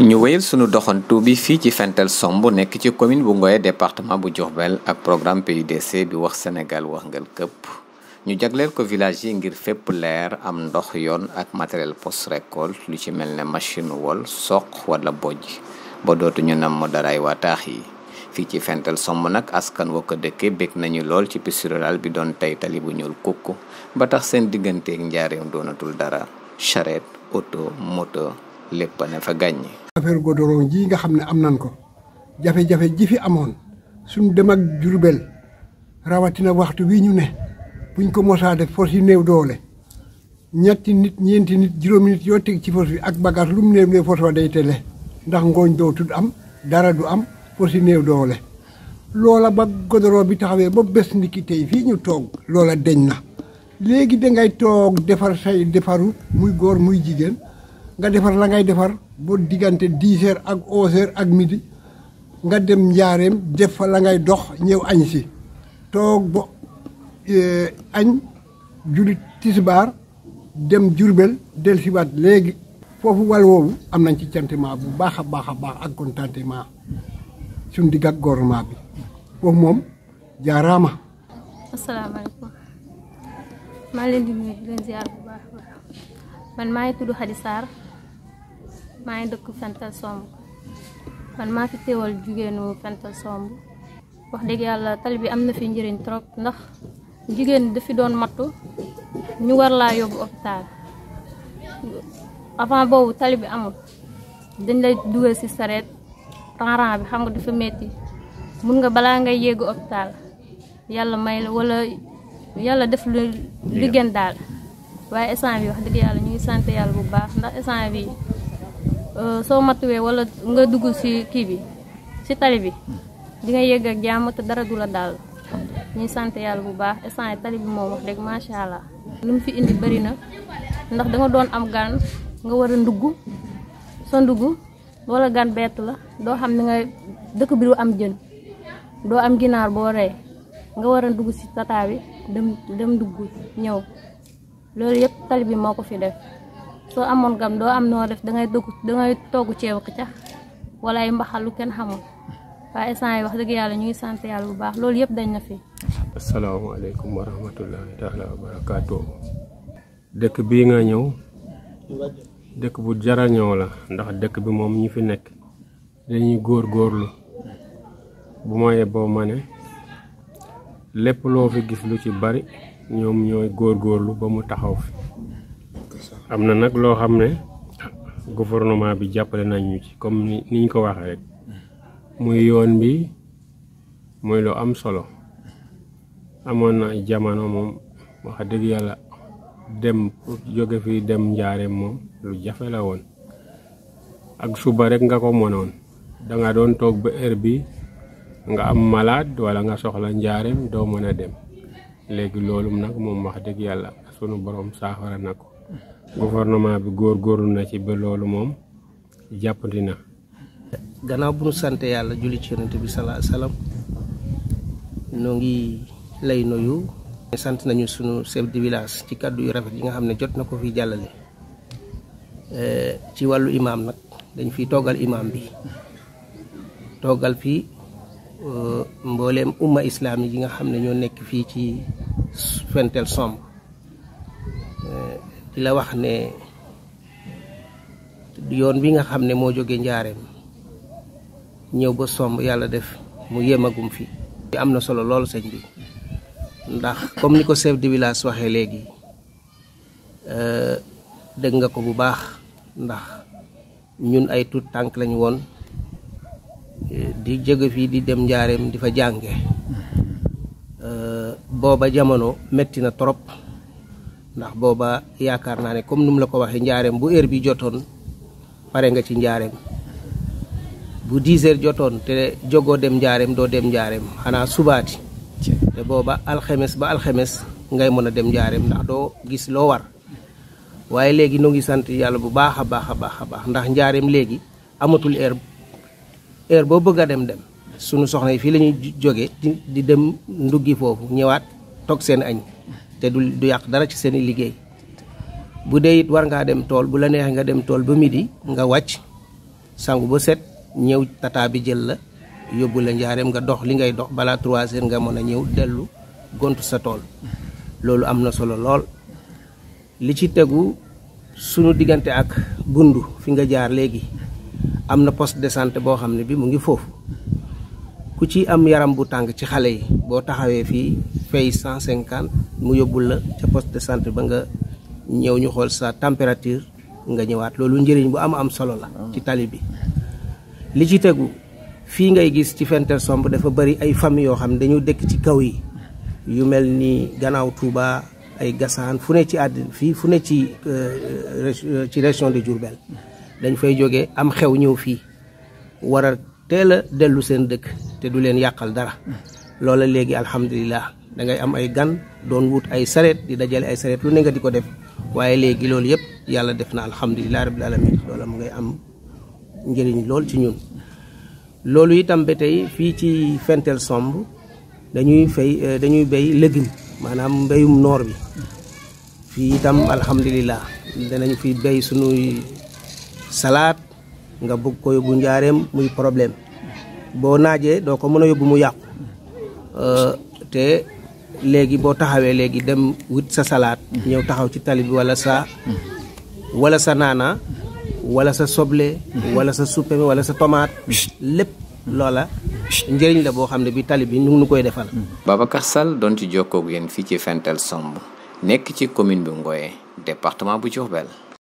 ñu wéyal sunu doxantu bi fii ci Fentel Somb nekk ci commune bu Ngoye département bu Diourbel ak programme PUDC bi wax Sénégal wax ngel këpp ñu jagleel ko village yi ngir fépp leer am ndox yoon ak matériel post récolte lu ci mel ne machine wol soq wala bojj ba dootuñu namm daraay waa wataax yi fii ci Fentel Somb nag askan wa ko dëkkee bég nañu lool ci piste rural bi doon tey tali bu ñuul kukk ba tax seen digganteeg njaareem doonatul dara charrette oto lépp ne fa affaire godoron ji nga xam ne am nan ko jafe-jafe ji fi amoon suñu dem ak Jurbel rawatina waxtu wi ñu ne buñ ko mosaa def force yi néew doole ñetti nit ñeenti nit juróomi nit yoo teg ci force bi ak bagage lu mu néew néew force ba day tele ndax ngooñ dootul am dara du am force yi néew doole loola ba godoron bi taxawee ba bés ni tey fii ñu toog loola deñ na léegi dangay toog defar say defaru muy góor muy jigéen nga defar la ngay defar bo diggante 10h ak 11h ak midi nga dem ñaarem def fa la ngay dox ñëw ci tok bo euh añ eh, tisbar dem jurbel del wat legi fofu wal wo am nañ ci cantement bu baxa baxa bax ak contentement sun digg gorma bi foofu moom jaaraama di nuyu di len ziar bu baax baax man may tuddu hadisar maa ngi dëkk Fentel Somb man maa fi teewal jigéenu Fentel Somb wax dëgg yàlla tali bi am na fi njëriñ trop ndax jigéen dafi doon mattu ñu war laa yóbbu hôpital avant boobu tali bi amul dañ lay dugal si sareet ran-ran bi xam nga dafa metti mun nga balaa ngay yéegu hôpital yàlla may la wala yàlla def lu liggéen daal waaye instant bi wax dëgg yàlla ñu ngi sant yàlla bu baax ndax instant bi so matuwe wala nga dugg si kii si tali bi di nga yëg ak jàmm te dara dula dal daal sante yalla bu baax instant tali bi moom wax ma sha allah lu fi indi bari na ndax da nga doon am gan nga wara ndugg sa ndugg wala gan bet la do xam ni nga dekk bi du am jeun do am ginar bo re nga wara si tata bi dem dem dugg ñew lolu yep tali moko fi def soo amoon gam doo am noo def dangay dugg dangay togg ceebu cax wala ay mbaxal lu kenn xamul waaye instant yi wax dëgg yàlla ñu ngi sant yàlla bu baax loolu yëpp dañ na fi. asalaamaaleykum wa rahmatullahi taala wa barakaatu. dëkk bii nga ñëw dëkk bu jara ñëw la ndax dëkk bi moom ñu fi nekk dañuy góor góorlu bu ma yeboo ma ne lépp loo fi gis lu ci bari ñoom ñooy góor góorlu ba mu taxaw fi amna nak lo xamne gouvernement bi jappalé nañu ci comme ni niñ ko waxee rek muy yoon bi muy lo am solo amoon na jamono moom wax deug yalla dem joge fi dem ndiaré mom lu jafe la won ak suba rek nga ko monon da nga don tok ba heure bi nga am malade wala nga soxla ndiaré do meuna dem légui lolum nak mom wax deug yalla sunu borom saafara nako gouvernement bi góor góor na ci ba loolu moom jàppandi na. gannaaw bu ñu sant yàlla julli ci yonent bi salaa salaam ngi lay nuyu. sant nañu sunu chef de village ci kàddu yu rafet yi nga xam ne jot na ko fi jàllale eh, ci wàllu imaam nag dañ fi toogal imaam bi toogal fi eh, mbooleem umma islaam yi nga xam ne ñoo nekk fii ci Fentel Somb eh, dila wax ne yoon bi nga xamne ne Mojo ndiarem ñew ba somb yalla def mu yemagum fi amna solo lol señ bi ndax comme niko chef de village legi euh deug nga ko bu baax ndax ñun ay tout tank lañ won euh, di jëge fi di dem ndiarem di fa euh boba jamono metti na trop ndax booba yaakaar naa ne comme nu mu la ko waxee njaareem bu heure bi jotoon pare nga ci njaareem bu 10 heures jotoon te jogoo dem njaareem doo dem njaareem xanaa subaati te booba alxemes ba alxemes ngay mën a dem njaareem ndax doo gis loo war waaye léegi nu ngi sant yàlla bu baax a baax a baax a baax ndax njaareem léegi amatul heure heure boo bëgg a dem dem sunu soxna yi fii la ñuy jóge di dem nduggi foofu ñëwaat toog seen añ te du du yak dara ci seen i liggéey bu dee it war nga dem tol, bu la neex nga dem tol ba midi nga wacc sangu ba set ñew tata bi jël la yobul la ndiarem nga dox li ngay dox bala 3 heures nga mëna ñew delu gontu sa tol lolu amna solo lol li ci teggu suñu digante ak bundu fi nga jaar legi amna poste de santé bo xam bi mu ngi fofu ku ci am yaram bu tang ci xalé yi bo taxawé fi fay 150 mu yóbbul la ca poste de santé ba nga ñëw ñu xool sa température nga ñëwaat loolu njëriñ bu am am solo la ci tali bi li ci tegu fii ngay gis ci Fenêtre-Samb dafa bari ay famille yoo xam ne dañu dëkk ci kaw yi yu mel ni gannaaw Touba ay gasaan fu ne ci àddina fii fu ne ci euh, euh, ci région de Diourbel dañ fay jóge am xew ñëw fii wara a dellu seen dëkk te du leen yàqal dara loola léegi alhamdulilah da ngay am ay gan doon wut ay sareet di dajale ay sareet lu ne nga di ko def waaye léegi loolu yëpp yàlla def na alhamdulilah rabbil alamin loolu mu ngay am njëriñ lool ci ñun loolu itam ba tey fii ci fenteel Somb dañuy fay eh, dañuy béy légume maanaam mbéyum noor bi fii itam alhamdulilah danañ fi béy sunuy salaat nga bëgg ko yóbbu njaareem muy problème boo naajee doo ko mën a yóbbu mu yàqu eh, te léegi boo taxawee léegi dem wut sa salaat. ñëw taxaw ci tali bi wala sa. wala sa naana. wala sa soble. wala sa suppe wala sa tomate. lépp loola njëriñ la boo xam ne bi tali bi ñu nu koy defal. Babacar Sall doon ci jokkoog yéen fii ci Fentel Somb nekk ci commune bi Ngoye département bu Diourbel.